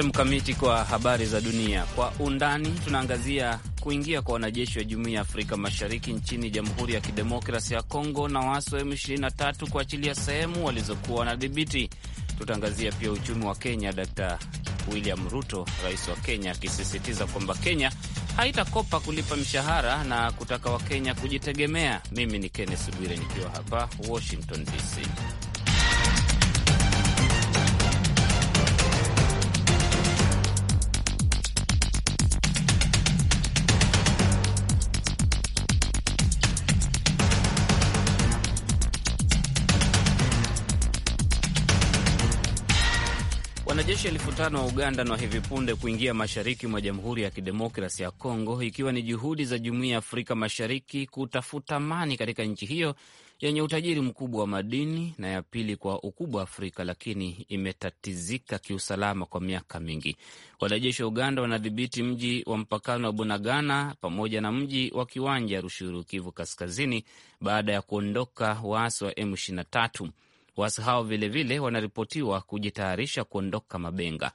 Asante Mkamiti kwa habari za dunia. Kwa undani tunaangazia kuingia kwa wanajeshi wa Jumuiya ya Afrika Mashariki nchini Jamhuri ya Kidemokrasi ya Kongo na waasi wa M23 kuachilia sehemu walizokuwa wanadhibiti. Tutaangazia pia uchumi wa Kenya, Dkt William Ruto, rais wa Kenya, akisisitiza kwamba Kenya haitakopa kulipa mshahara na kutaka Wakenya kujitegemea. Mimi ni Kennes Bwire nikiwa hapa Washington DC. Wanajeshi elfu tano wa Uganda na hivi punde kuingia mashariki mwa Jamhuri ya Kidemokrasi ya Kongo, ikiwa ni juhudi za Jumuiya ya Afrika Mashariki kutafuta amani katika nchi hiyo yenye utajiri mkubwa wa madini na ya pili kwa ukubwa wa Afrika, lakini imetatizika kiusalama kwa miaka mingi. Wanajeshi wa Uganda wanadhibiti mji wa mpakano wa Bunagana pamoja na mji wa Kiwanja Rushuru, Kivu Kaskazini, baada ya kuondoka waasi wa M23. Waasi hao vilevile wanaripotiwa kujitayarisha kuondoka Mabenga.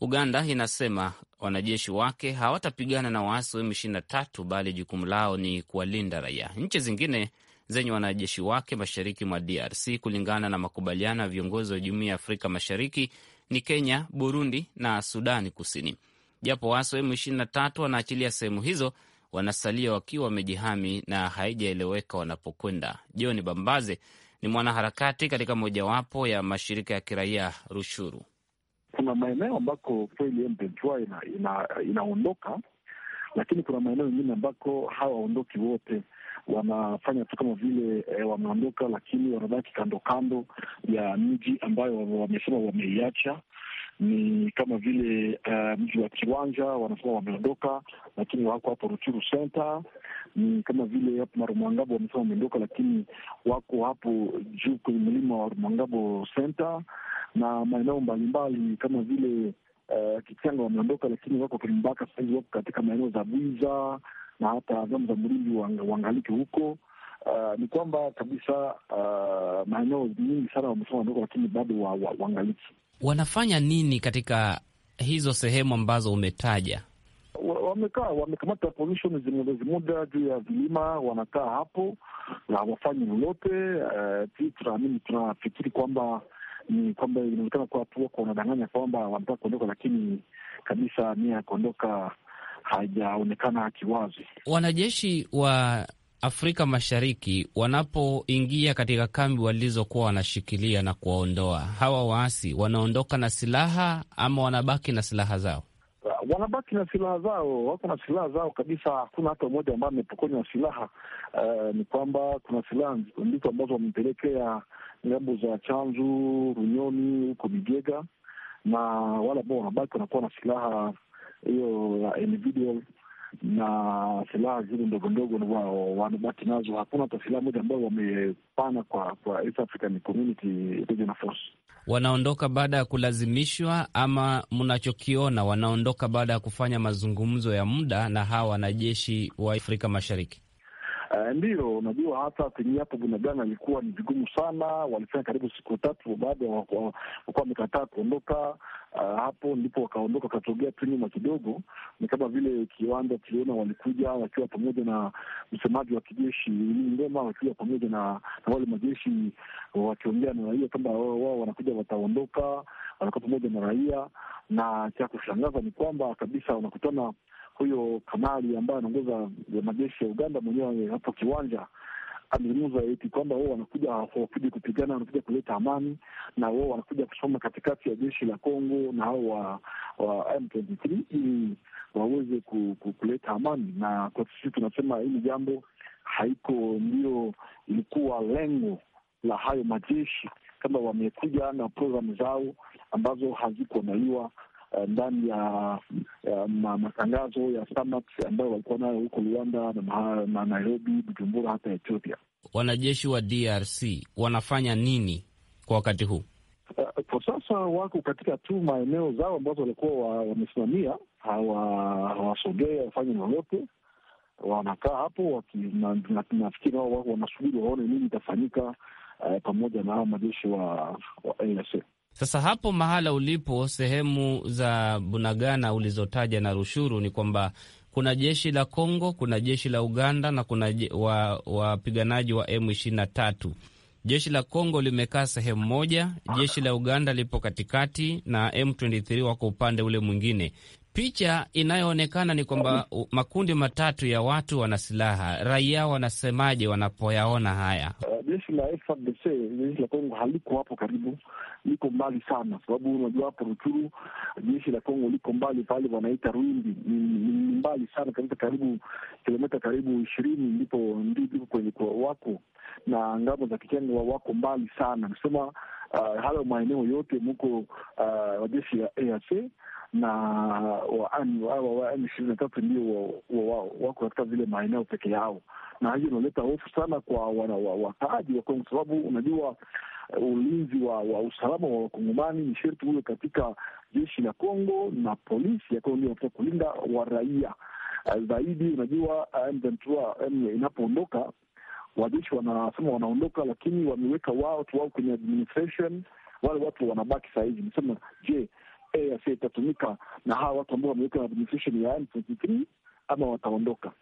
Uganda inasema wanajeshi wake hawatapigana na waasi wa M23 bali jukumu lao ni kuwalinda raia. Nchi zingine zenye wanajeshi wake mashariki mwa DRC kulingana na makubaliano ya viongozi wa Jumuiya ya Afrika Mashariki ni Kenya, Burundi na Sudani Kusini. Japo waasi wa M23 wanaachilia sehemu hizo, wanasalia wakiwa wamejihami na haijaeleweka wanapokwenda. John Bambaze ni mwanaharakati katika mojawapo ya mashirika ya kiraia Rushuru. Kuna maeneo ambako kweli M23 ina, ina, inaondoka, lakini kuna maeneo mengine ambako hawaondoki wote wanafanya tu kama vile e, wameondoka, lakini wanabaki kando kando ya mji ambayo wamesema wameiacha, ni kama vile uh, mji wa Kiwanja wanasema wameondoka, lakini wako hapo Ruchuru Center. Ni kama vile hapo Marumangabo wamesema wameondoka, lakini wako hapo juu kwenye mlima wa Rumangabo Center na maeneo mbalimbali kama vile uh, eh, Kichanga wameondoka, lakini wako Kirumbaka sahizi, wako katika maeneo za Bwiza na hata zamu za Mlindi waangalike huko. Uh, ni kwamba kabisa uh, maeneo nyingi sana wamesema waondoka, lakini bado wa, wa, wangaliki wanafanya nini katika hizo sehemu ambazo umetaja? Wamekaa, wamekamata position zimwelezi muda juu ya vilima, wanakaa hapo na wafanyi lolote. Uh, eh, tunaamini tunafikiri kwamba ni kwamba inaonekana kuwa tu wako wanadanganya kwamba wanataka kuondoka, lakini kabisa nia ya kuondoka haijaonekana kiwazi. Wanajeshi wa Afrika Mashariki wanapoingia katika kambi walizokuwa wanashikilia na kuwaondoa hawa waasi, wanaondoka na silaha ama wanabaki na silaha zao? Wanabaki na silaha zao, wako na silaha zao kabisa. Hakuna hata mmoja ambaye amepokonywa silaha. Uh, ni kwamba kuna silaha ndizo ambazo wamepelekea ngambo za Chanzu, Runyoni, huko Bigega, na wale ambao wanabaki wanakuwa na silaha hiyo ya individual na silaha zile ndogo ndogo wanabaki nazo. Hakuna hata silaha moja ambayo wamepana kwa kwa East African Community Regional Force. Wanaondoka baada ya kulazimishwa, ama mnachokiona, wanaondoka baada ya kufanya mazungumzo ya muda na hawa wanajeshi wa Afrika Mashariki? Uh, eh, ndiyo, unajua hata timu hapo Bunagana ilikuwa ni vigumu sana, walifanya karibu siku tatu baada ya wakuwa wamekataa kuondoka. Uh, hapo ndipo wakaondoka, wakatogea tu nyuma kidogo. Ni kama vile kiwanda, tuliona walikuja wakiwa pamoja na msemaji wa kijeshi Lii Ngoma, wakiwa pamoja na, na wale majeshi wakiongea na raia kwamba wao wanakuja, wataondoka, wanakuwa pamoja na raia, na cha kushangaza ni kwamba kabisa wanakutana huyo kanali ambaye anaongoza majeshi ya Uganda mwenyewe hapo kiwanja amezungumza eti kwamba wao wanakuja hawakuja kupigana, wanakuja kuleta amani, na wao wanakuja kusoma katikati ya jeshi la Kongo na hao wa, wa M23 ili waweze ku, ku, kuleta amani. Na kwa sisi tunasema hili jambo haiko ndio ilikuwa lengo la hayo majeshi, kama wamekuja na programu zao ambazo hazikuandaliwa Eh, ndani ya, ya matangazo ya SAMAK ambayo walikuwa nayo huko Luanda na, na Nairobi, Bujumbura, hata Ethiopia. Wanajeshi wa DRC wanafanya nini kwa wakati huu? Uh, kwa sasa wako katika tu maeneo zao ambazo walikuwa wamesimamia, hawasogee wafanye lolote, wanakaa hapo, nafikiri wao wanasubiri waone nini itafanyika, uh, pamoja na hawa majeshi wa, wa ASA. Sasa hapo mahala ulipo, sehemu za Bunagana ulizotaja na Rushuru, ni kwamba kuna jeshi la Kongo, kuna jeshi la Uganda na kuna wapiganaji wa, wa M23. Jeshi la Kongo limekaa sehemu moja, jeshi la Uganda lipo katikati na M23 wako upande ule mwingine. Picha inayoonekana ni kwamba makundi matatu ya watu wana silaha. Raia wanasemaje wanapoyaona haya? Uh, jeshi la FARDC, jeshi la Kongo haliko hapo karibu liko mbali sana, sababu unajua hapo Ruchuru jeshi la Kongo liko mbali pale, wanaita Rwindi, ni mbali sana kabisa, karibu kilomita karibu ishirini ndipo ndipo kwenye kwa wako na ngambo za Kichanga wako mbali sana, nasema uh, hayo maeneo yote muko uh, wajeshi ya ac na wa M ishirini na tatu ndio wako katika vile maeneo peke yao, na hiyo inaleta hofu sana kwa wakaaji wa Kongo, sababu unajua Eh, ulinzi wa, wa usalama wa wakongomani ni sherti huwe katika jeshi la Kongo na polisi ya Kongo, ndio kulinda wa raia eh, zaidi. Unajua eh, inapoondoka wajeshi wanasema wanaondoka, lakini wameweka watu wao kwenye administration, wale watu wanabaki sahizi. Nisema je, EAC itatumika na hawa watu ambao wameweka administration ya M23 ama wataondoka?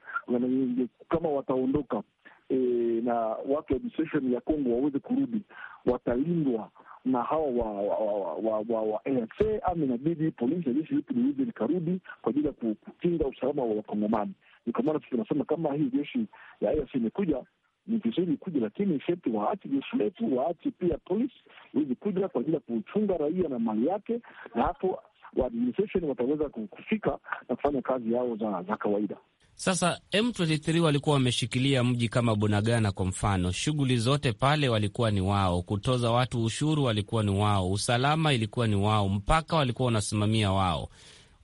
Kama wataondoka e, na watu administration ya Kongo waweze kurudi, watalindwa na hawa wa wa, wa, wa, ama inabidi polisi ya jeshi litu liweze likarudi kwa ajili ya kukinga usalama wa Wakongomani. Ndio maana sisi tunasema kama hii jeshi ya ANC imekuja ni vizuri kuja, lakini sheti waache jeshi letu, waache pia polisi iweze kuja kwa ajili ya kuchunga raia na mali yake, na hapo administration wataweza kufika na kufanya kazi yao za, za kawaida. Sasa M23 walikuwa wameshikilia mji kama Bunagana kwa mfano, shughuli zote pale walikuwa ni wao, kutoza watu ushuru walikuwa ni wao, usalama ilikuwa ni wao, mpaka walikuwa wanasimamia wao.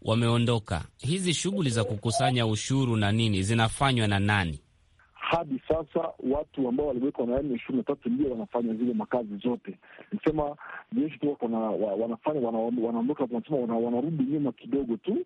Wameondoka. Hizi shughuli za kukusanya ushuru na nini zinafanywa na nani? hadi sasa watu ambao waliwekwa na ya ishirini na tatu ndio wanafanya zile makazi zote. Nisema jeshi tu wako wanafanya wanaondoka, tunasema wanarudi nyuma kidogo tu,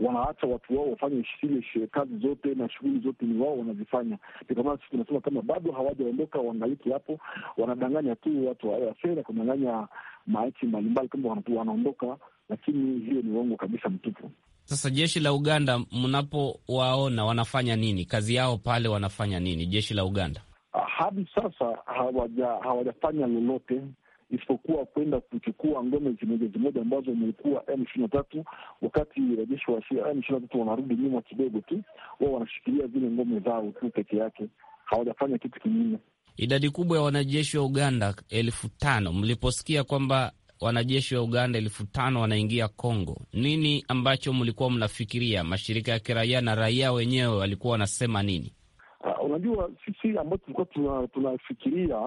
wanaacha watu wao wafanye zile kazi zote na shughuli zote ni wao wanazifanya. Ndio maana sisi tunasema kama bado hawajaondoka waangaliki hapo, wanadanganya tu watu wa sera, kudanganya machi mbalimbali kama wanaondoka, lakini hiyo ni uongo kabisa mtupu. Sasa jeshi la Uganda, mnapowaona wanafanya nini? Kazi yao pale wanafanya nini? Jeshi la Uganda ah, hadi sasa hawaja hawajafanya lolote isipokuwa kwenda kuchukua ngome zimoja zimoja ambazo imekuwa M ishirini na tatu. Wakati wanajeshi wa M ishirini na tatu wanarudi nyuma kidogo tu, wao wanashikilia zile ngome zao tu peke yake, hawajafanya kitu kingine. Idadi kubwa ya wanajeshi wa Uganda elfu tano mliposikia kwamba wanajeshi wa Uganda elfu tano wanaingia congo Nini ambacho mlikuwa mnafikiria? Mashirika ya kiraia na raia wenyewe walikuwa wanasema nini? Uh, unajua sisi ambao tulikuwa tuna, tunafikiria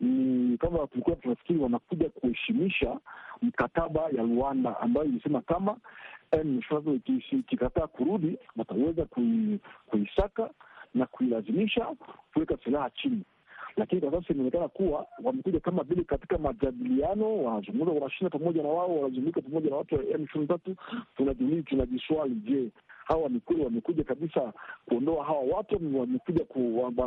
ni kama tulikuwa tunafikiri wanakuja kuheshimisha mkataba ya Rwanda ambayo ilisema kama ikikataa kurudi wataweza kuisaka na kuilazimisha kuweka silaha chini lakini kwa sasa inaonekana kuwa wamekuja kama vile katika majadiliano, wanazungumza kwa pamoja na wao, wanazungumza pamoja na watu wa M ishirini na tatu. Tunajiswali, je, hawa wamekuja wamekuja kabisa kuondoa hawa watu, wamekuja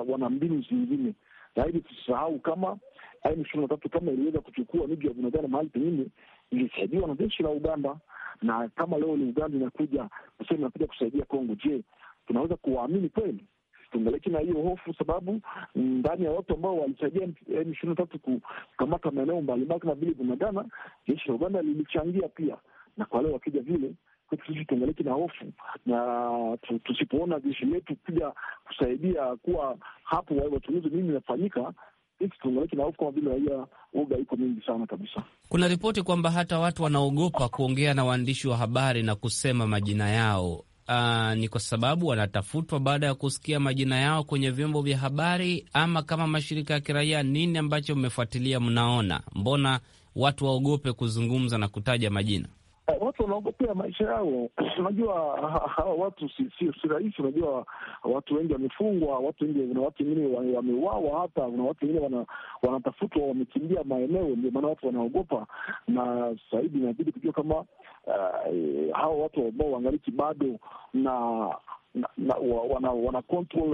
wana mbinu zingine? Na ili tusisahau kama M ishirini na tatu kama iliweza kuchukua miji ya Bunagana mahali pengine ilisaidiwa na jeshi la Uganda, na kama leo ni Uganda inakuja kusema inakuja kusaidia Kongo, je tunaweza kuwaamini kweli? tungaliki na hiyo hofu, sababu ndani ya watu ambao walisaidia M ishirini tatu kukamata maeneo mbalimbali kama vile Bunagana, jeshi la Uganda lilichangia pia, na kwa leo wakija vile sisi tuangaliki na hofu na tusipoona jeshi letu kuja kusaidia kuwa hapo wachunguzi nini inafanyika, sisi tuangaliki na hofu kama vile raia. Uga iko mingi sana kabisa. Kuna ripoti kwamba hata watu wanaogopa kuongea na waandishi wa habari na kusema majina yao uh, ni kwa sababu wanatafutwa baada ya kusikia majina yao kwenye vyombo vya habari, ama kama mashirika ya kiraia, nini ambacho mmefuatilia mnaona mbona watu waogope kuzungumza na kutaja majina? Eh, watu wanaogopea maisha yao. Unajua hawa watu si, si, si rahisi. Unajua watu wengi wamefungwa, watu wengi, kuna watu wengine wamewawa hata kuna watu wengine wanatafutwa, wamekimbia maeneo, ndio maana watu wanaogopa. Na zaidi inabidi kujua kama uh, hawa watu ambao waangaliki bado na na, wana,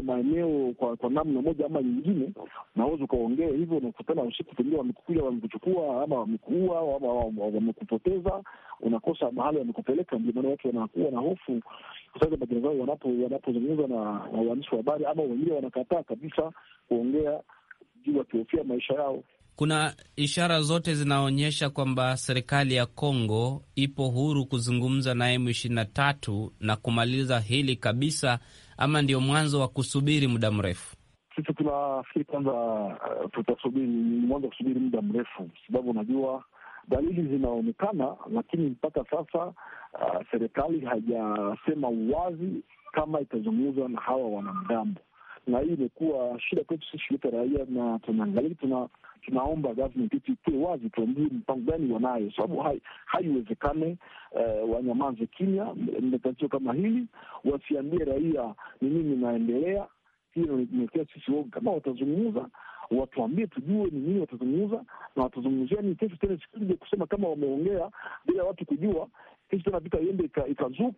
maeneo kwa, kwa namna moja ama nyingine. naweza ukaongea hivyo, unakutana usiku, pengine wamekukuja wamekuchukua, ama wamekuua, ama wamekupoteza, unakosa mahali wamekupeleka. Ndio maana watu wanakuwa na hofu kutaja majina zao wanapozungumza na waandishi wa habari, ama wengine wanakataa kabisa kuongea juu wakihofia maisha yao kuna ishara zote zinaonyesha kwamba serikali ya Kongo ipo huru kuzungumza na M23 na kumaliza hili kabisa, ama ndio mwanzo wa kusubiri muda mrefu? Sisi tunafikiri kwanza, uh, tutasubiri ni mwanzo wa kusubiri muda mrefu, sababu unajua dalili zinaonekana, lakini mpaka sasa uh, serikali haijasema wazi kama itazungumza na hawa wanamgambo na hii imekuwa shida kwetu sisi shirika raia, na tunaangalia tuna tunaomba government yetu ikuwe wazi, tuambie mpango gani wanayo, sababu hai, haiwezekane uh, wanyamaze kimya matatizo kama hili, wasiambie raia ni nini inaendelea. Hiyo imetia sisi woga. Kama watazungumza watuambie tujue ni nini watazungumza na watazungumzia nini. Kesho tena sikuja kusema kama wameongea bila watu kujua, kesho tena vita iende ikazuke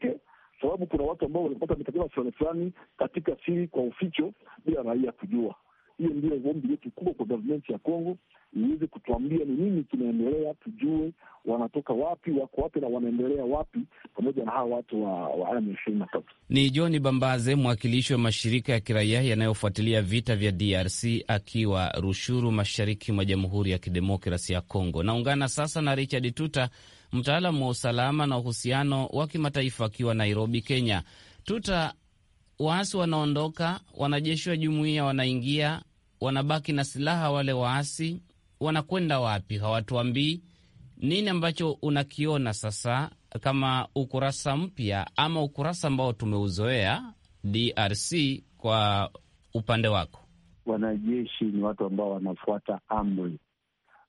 ika sababu kuna watu ambao walipata mikataba fulani fulani katika siri, kwa uficho, bila raia kujua. Hiyo ndio ombi yetu kubwa kwa gavumenti ya Kongo, iweze kutuambia ni nini kinaendelea, tujue wanatoka wapi, wako wapi na wanaendelea wapi, pamoja na hawa watu wa M ishirini na tatu. Ni John Bambaze, mwakilishi wa mashirika ya kiraia yanayofuatilia vita vya DRC akiwa Rushuru, mashariki mwa Jamhuri ya Kidemokrasi ya Kongo. Naungana sasa na Richard Tuta, mtaalamu wa usalama na uhusiano wa kimataifa akiwa Nairobi, Kenya. Tuta, waasi wanaondoka, wanajeshi wa jumuiya wanaingia wanabaki na silaha wale waasi wanakwenda wapi? Hawatuambii. Nini ambacho unakiona sasa kama ukurasa mpya ama ukurasa ambao tumeuzoea DRC kwa upande wako? Wanajeshi ni watu ambao wanafuata amri.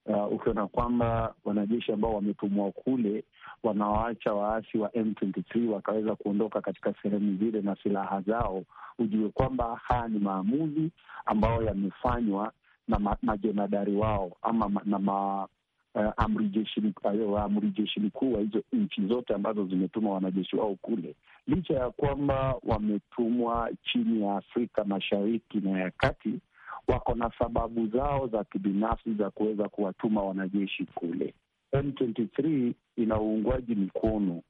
Uh, ukiona kwamba wanajeshi ambao wametumwa kule wanawaacha waasi wa M23 wakaweza kuondoka katika sehemu zile na silaha zao, ujue kwamba haya ni maamuzi ambayo yamefanywa na majenadari wao ama na ma, uh, amri jeshi uh, mkuu wa hizo nchi zote ambazo zimetuma wanajeshi wao kule, licha ya kwamba wametumwa chini ya Afrika Mashariki na ya Kati, wako na sababu zao za kibinafsi za kuweza kuwatuma wanajeshi kule. M23 ina uungwaji mkono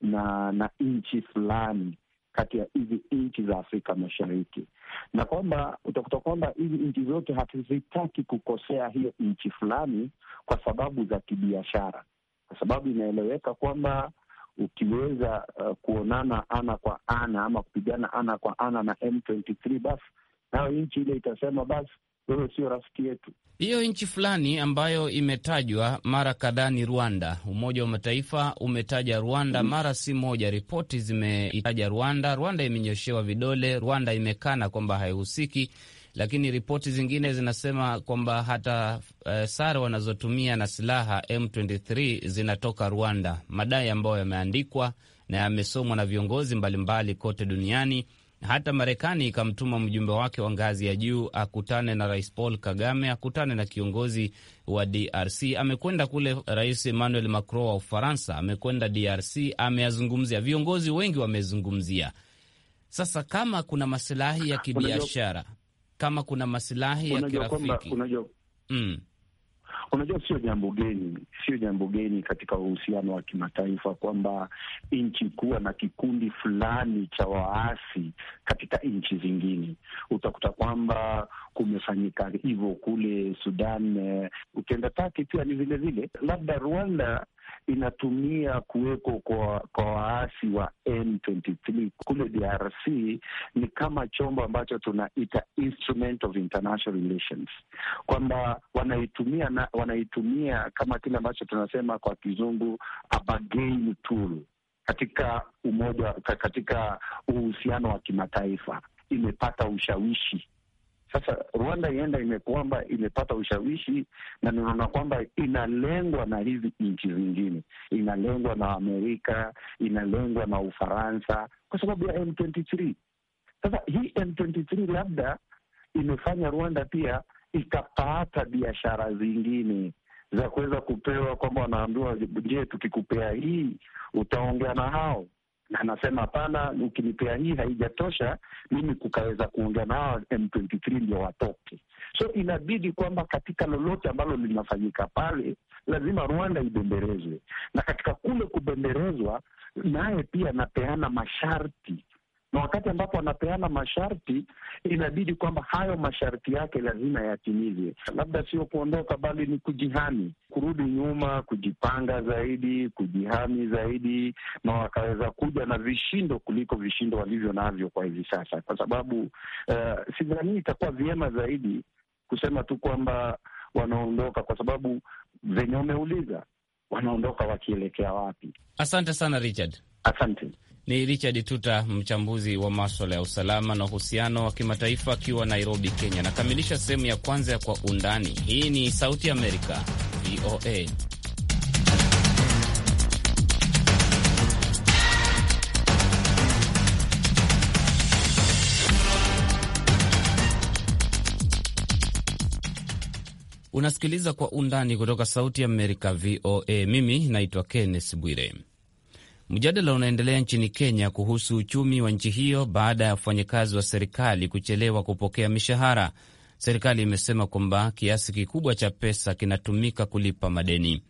na na nchi fulani kati ya hizi nchi za Afrika Mashariki, na kwamba utakuta kwamba hizi nchi zote hatuzitaki kukosea hiyo nchi fulani kwa sababu za kibiashara, kwa sababu inaeleweka kwamba ukiweza uh, kuonana ana kwa ana ama kupigana ana kwa ana na M23, basi nayo nchi ile itasema basi wewe sio rafiki yetu. Hiyo nchi fulani ambayo imetajwa mara kadhaa ni Rwanda. Umoja wa Mataifa umetaja Rwanda mm, mara si moja. Ripoti zimeitaja Rwanda, Rwanda imenyoshewa vidole, Rwanda imekana kwamba haihusiki, lakini ripoti zingine zinasema kwamba hata uh, sare wanazotumia na silaha M23 zinatoka Rwanda, madai ambayo yameandikwa na yamesomwa na viongozi mbalimbali mbali kote duniani hata Marekani ikamtuma mjumbe wake wa ngazi ya juu akutane na Rais Paul Kagame, akutane na kiongozi wa DRC. Amekwenda kule Rais Emmanuel Macron wa Ufaransa, amekwenda DRC, ameyazungumzia, viongozi wengi wamezungumzia. Sasa kama kuna masilahi ya kibiashara, kama kuna masilahi ya kirafiki, unajua, mm. Unajua, sio jambo geni, sio jambo geni katika uhusiano wa kimataifa kwamba nchi kuwa na kikundi fulani cha waasi katika nchi zingine. Utakuta kwamba kumefanyika hivyo kule Sudan, eh, Ukienda taki pia ni vilevile, labda Rwanda inatumia kuweko kwa, kwa waasi wa M23 kule DRC ni kama chombo ambacho tunaita instrument of international relations, kwamba wanaitumia na, wanaitumia kama kile ambacho tunasema kwa kizungu a bargaining tool katika umoja, katika uhusiano wa kimataifa imepata ushawishi sasa Rwanda ienda imekwamba imepata ushawishi na ninaona kwamba inalengwa na hizi nchi zingine, inalengwa na Amerika, inalengwa na Ufaransa kwa sababu ya M23. Sasa hii M23 labda imefanya Rwanda pia ikapata biashara zingine za kuweza kupewa, kwamba wanaambiwa, je, tukikupea hii utaongea na hao na anasema hapana, ukinipea hii haijatosha, mimi kukaweza kuongea na hawa M23 ndio watoke. So inabidi kwamba katika lolote ambalo linafanyika pale lazima Rwanda ibembelezwe, na katika kule kubembelezwa, naye pia anapeana masharti na wakati ambapo anapeana masharti, inabidi kwamba hayo masharti yake lazima yatimizwe, labda sio kuondoka, bali ni kujihami, kurudi nyuma, kujipanga zaidi, kujihami zaidi, na wakaweza kuja na vishindo kuliko vishindo walivyo navyo kwa hivi sasa, kwa sababu uh, sidhani itakuwa vyema zaidi kusema tu kwamba wanaondoka kwa sababu venye umeuliza wanaondoka wakielekea wapi? Asante sana Richard, asante. Ni Richard Tuta, mchambuzi wa maswala ya usalama na uhusiano wa kimataifa akiwa Nairobi, Kenya. Nakamilisha sehemu ya kwanza ya Kwa Undani. Hii ni Sauti Amerika, VOA. Unasikiliza Kwa Undani kutoka Sauti Amerika, VOA. Mimi naitwa Kenneth Bwire. Mjadala unaendelea nchini Kenya kuhusu uchumi wa nchi hiyo baada ya wafanyakazi wa serikali kuchelewa kupokea mishahara. Serikali imesema kwamba kiasi kikubwa cha pesa kinatumika kulipa madeni.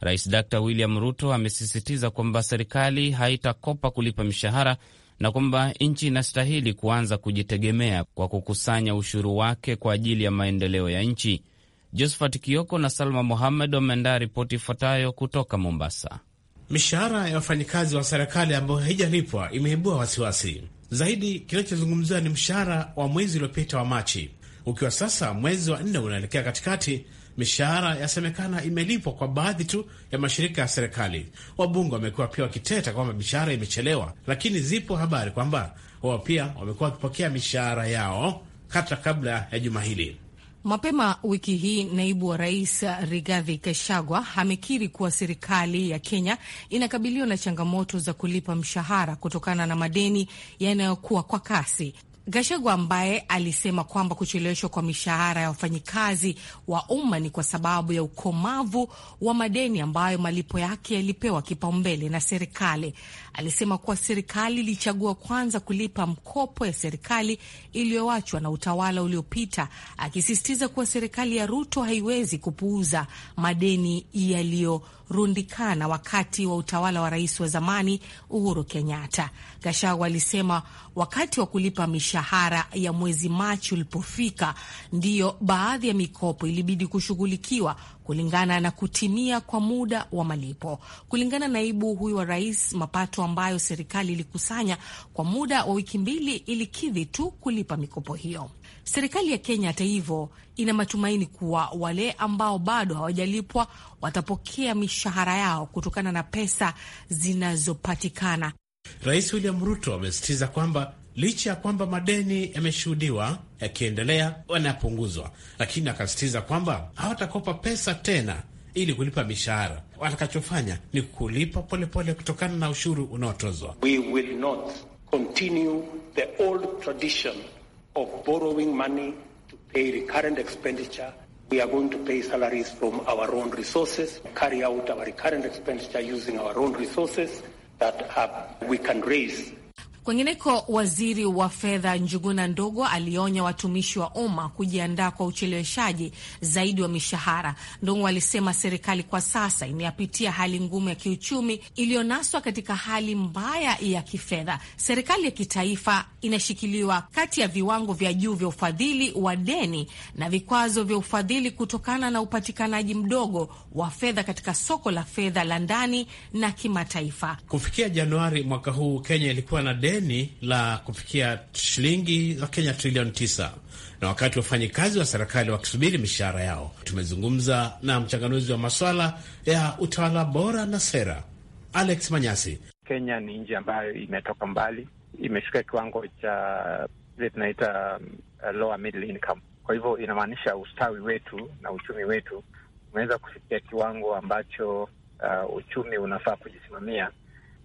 Rais Dr William Ruto amesisitiza kwamba serikali haitakopa kulipa mishahara na kwamba nchi inastahili kuanza kujitegemea kwa kukusanya ushuru wake kwa ajili ya maendeleo ya nchi. Josephat Kioko na Salma Mohamed wameandaa ripoti ifuatayo kutoka Mombasa. Mishahara ya wafanyikazi wa serikali ambayo haijalipwa imeibua wasiwasi zaidi. Kinachozungumziwa ni mshahara wa mwezi uliopita wa Machi, ukiwa sasa mwezi wa nne unaelekea katikati. Mishahara yasemekana imelipwa kwa baadhi tu ya mashirika ya serikali. Wabunge wamekuwa pia wakiteta kwamba mishahara imechelewa, lakini zipo habari kwamba wao pia wamekuwa wakipokea mishahara yao hata kabla ya juma hili. Mapema wiki hii naibu wa rais uh, Rigathi Gachagua amekiri kuwa serikali ya Kenya inakabiliwa na changamoto za kulipa mshahara kutokana na madeni yanayokuwa kwa kasi. Gashagwa ambaye alisema kwamba kucheleweshwa kwa mishahara ya wafanyikazi wa umma ni kwa sababu ya ukomavu wa madeni ambayo malipo yake yalipewa kipaumbele na serikali. Alisema kuwa serikali ilichagua kwanza kulipa mkopo ya serikali iliyoachwa na utawala uliopita, akisisitiza kuwa serikali ya Ruto haiwezi kupuuza madeni yaliyorundikana wakati wa utawala wa rais wa zamani Uhuru Kenyatta. Gashagwa alisema wakati wa kulipa mishahara ya mwezi Machi ulipofika, ndiyo baadhi ya mikopo ilibidi kushughulikiwa kulingana na kutimia kwa muda wa malipo. Kulingana na naibu huyu wa rais, mapato ambayo serikali ilikusanya kwa muda wa wiki mbili ilikidhi tu kulipa mikopo hiyo. Serikali ya Kenya, hata hivyo, ina matumaini kuwa wale ambao bado hawajalipwa watapokea mishahara yao kutokana na pesa zinazopatikana Rais William Ruto amesisitiza kwamba licha ya kwamba madeni yameshuhudiwa yakiendelea wanapunguzwa, lakini akasisitiza kwamba hawatakopa pesa tena ili kulipa mishahara. Watakachofanya ni kulipa polepole kutokana na ushuru unaotozwa. We will not continue the old tradition of borrowing money to pay recurrent expenditure. We are going to pay salaries from our own resources, carry out our recurrent expenditure using our own resources that uh, we can raise Kwengineko, waziri wa fedha Njuguna Ndogo alionya watumishi wa umma kujiandaa kwa ucheleweshaji zaidi wa mishahara. Ndogo alisema serikali kwa sasa imeyapitia hali ngumu ya kiuchumi iliyonaswa katika hali mbaya ya kifedha. Serikali ya kitaifa inashikiliwa kati ya viwango vya juu vya ufadhili wa deni na vikwazo vya ufadhili kutokana na upatikanaji mdogo wa fedha katika soko la fedha la ndani na kimataifa. Kufikia Januari mwaka huu, Kenya ilikuwa na deni deni la kufikia shilingi za Kenya trilioni tisa na wakati wafanyikazi wa serikali wakisubiri mishahara yao. Tumezungumza na mchanganuzi wa maswala ya utawala bora na sera, Alex Manyasi. Kenya ni nchi ambayo imetoka mbali, imefika kiwango cha vile tunaita um, lower middle income. Kwa hivyo inamaanisha ustawi wetu na uchumi wetu umeweza kufikia kiwango ambacho uh, uchumi unafaa kujisimamia.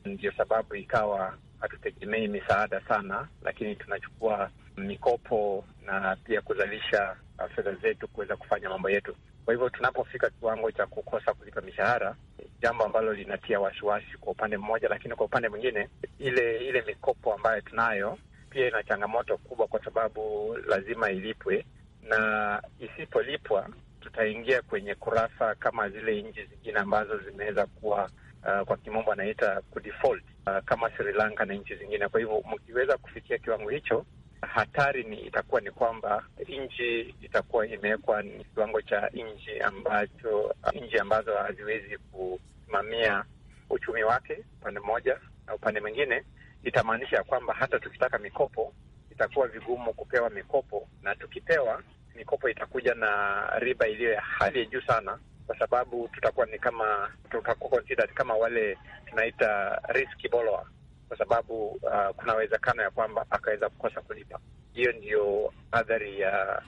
Ndio sababu ikawa hatutegemei misaada sana, lakini tunachukua mikopo na pia kuzalisha uh, fedha zetu kuweza kufanya mambo yetu. Kwa hivyo tunapofika kiwango cha kukosa kulipa mishahara, jambo ambalo linatia wasiwasi kwa upande mmoja, lakini kwa upande mwingine, ile ile mikopo ambayo tunayo pia ina changamoto kubwa, kwa sababu lazima ilipwe, na isipolipwa tutaingia kwenye kurasa kama zile nchi zingine ambazo zimeweza kuwa uh, kwa kimombo anaita kudefault uh, kama Sri Lanka na nchi zingine. Kwa hivyo mkiweza kufikia kiwango hicho, hatari ni itakuwa ni kwamba nchi itakuwa imewekwa ni kiwango cha nchi ambacho uh, nchi ambazo haziwezi kusimamia uchumi wake upande mmoja na upande mwingine, itamaanisha ya kwamba hata tukitaka mikopo itakuwa vigumu kupewa mikopo, na tukipewa mikopo itakuja na riba iliyo ya hali ya juu sana kwa sababu tutakuwa ni kama tutakuwa considered kama wale tunaita risky borrower, kwa sababu uh, kuna uwezekano ya kwamba akaweza kukosa kulipa. Hiyo ndiyo athari ya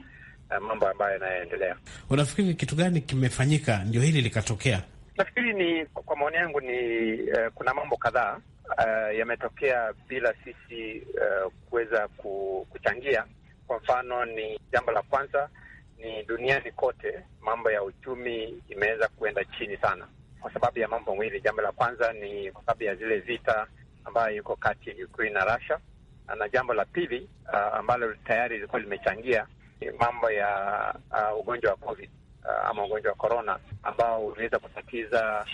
uh, mambo ambayo yanayoendelea. Unafikiri kitu gani kimefanyika ndio hili likatokea? Nafikiri ni kwa maoni yangu ni uh, kuna mambo kadhaa uh, yametokea bila sisi uh, kuweza kuchangia. Kwa mfano ni jambo la kwanza ni duniani kote mambo ya uchumi imeweza kuenda chini sana kwa sababu ya mambo mawili. Jambo la kwanza ni kwa sababu ya zile vita ambayo iko kati ya Ukraine na Russia, na jambo la pili uh, ambalo tayari ilikuwa limechangia ni mambo ya uh, ugonjwa wa COVID uh, ama ugonjwa wa corona ambao uliweza kutatiza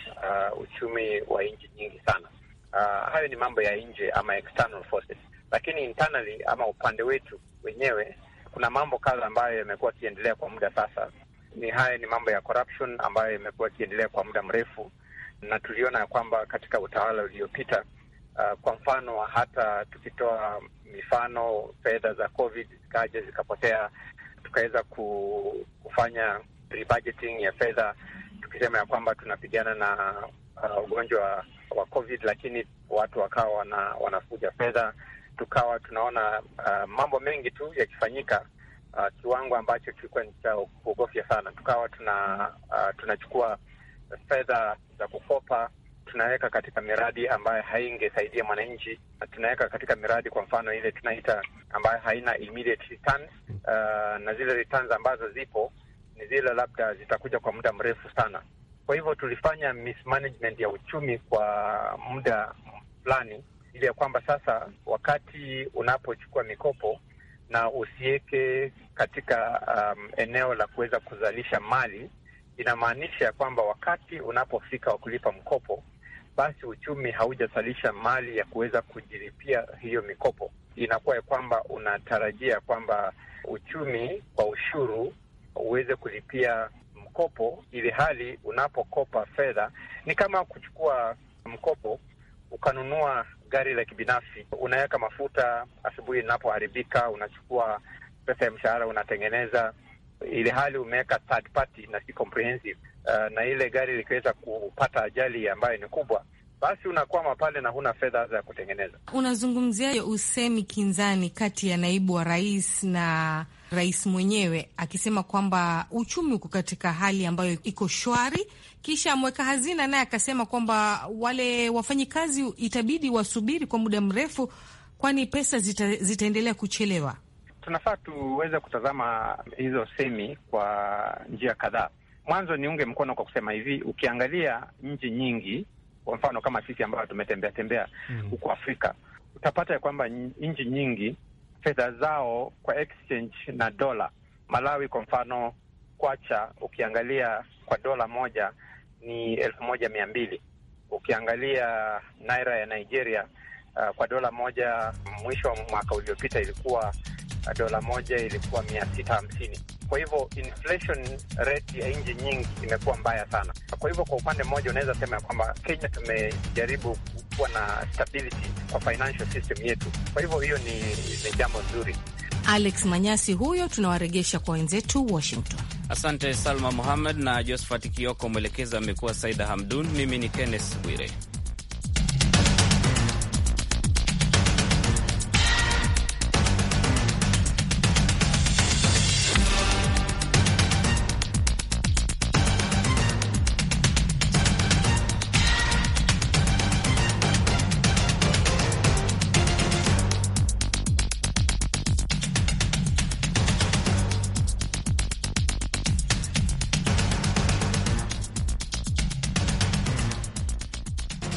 uh, uchumi wa nchi nyingi sana. Uh, hayo ni mambo ya nje ama external forces, lakini internally ama upande wetu wenyewe kuna mambo kadha ambayo yamekuwa yakiendelea kwa muda sasa. Ni haya ni mambo ya corruption ambayo yamekuwa yakiendelea kwa muda mrefu, na tuliona ya kwamba katika utawala uliopita Uh, kwa mfano hata tukitoa mifano fedha za COVID zikaja zikapotea, tukaweza kufanya rebudgeting ya fedha tukisema ya kwamba tunapigana na uh, ugonjwa wa COVID, lakini watu wakawa wana, wanafuja fedha tukawa tunaona uh, mambo mengi tu yakifanyika uh, kiwango ambacho kilikuwa ni cha kuogofya sana. Tukawa tuna uh, tunachukua fedha za kukopa tunaweka katika miradi ambayo haingesaidia mwananchi, na tunaweka katika miradi, kwa mfano ile tunaita ambayo haina immediate returns, uh, na zile returns ambazo zipo ni zile labda zitakuja kwa muda mrefu sana. Kwa hivyo tulifanya mismanagement ya uchumi kwa muda fulani ili ya kwamba sasa wakati unapochukua mikopo na usiweke katika um, eneo la kuweza kuzalisha mali, inamaanisha ya kwamba wakati unapofika wa kulipa mkopo, basi uchumi haujazalisha mali ya kuweza kujilipia hiyo mikopo. Inakuwa ya kwamba unatarajia kwamba uchumi kwa ushuru uweze kulipia mkopo, ili hali unapokopa fedha ni kama kuchukua mkopo ukanunua gari la kibinafsi, unaweka mafuta, asubuhi inapoharibika unachukua pesa ya mshahara unatengeneza, ili hali umeweka third party na si comprehensive. Uh, na ile gari likiweza kupata ajali ambayo ni kubwa basi unakwama pale na huna fedha za kutengeneza. Unazungumziaje usemi kinzani kati ya naibu wa rais na rais mwenyewe akisema kwamba uchumi uko katika hali ambayo iko shwari. Kisha mweka hazina naye akasema kwamba wale wafanyikazi itabidi wasubiri kwa muda mrefu, kwani pesa zita, zitaendelea kuchelewa. Tunafaa tuweze kutazama hizo semi kwa njia kadhaa. Mwanzo niunge mkono kwa kusema hivi, ukiangalia nchi nyingi, kwa mfano kama sisi ambayo tumetembea tembea hmm. huko mm, Afrika utapata ya kwamba nchi nyingi fedha zao kwa exchange na dola. Malawi kwa mfano, kwacha ukiangalia kwa dola moja ni elfu moja mia mbili. Ukiangalia naira ya Nigeria uh, kwa dola moja mwisho wa mwaka uliopita ilikuwa uh, dola moja ilikuwa mia sita hamsini. Kwa hivyo inflation rate ya nchi nyingi imekuwa mbaya sana. Kwa hivyo kwa upande mmoja unaweza sema ya kwamba Kenya tumejaribu kuwa na stability kwa financial system yetu, kwa hivyo hiyo ni, ni jambo nzuri. Alex Manyasi huyo, tunawaregesha kwa wenzetu Washington. Asante Salma muhammed na Josphat Kioko, mwelekezi amekuwa Saida Hamdun. Mimi ni Kennes Bwire.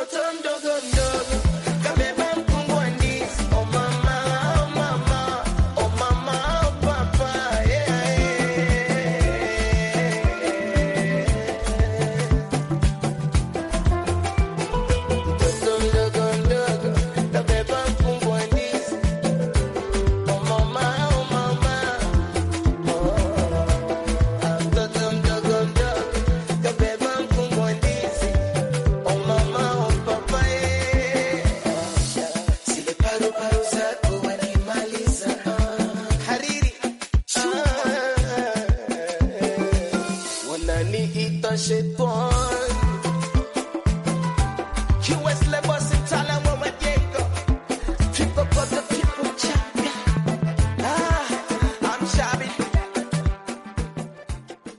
mtoto mdogo mdogo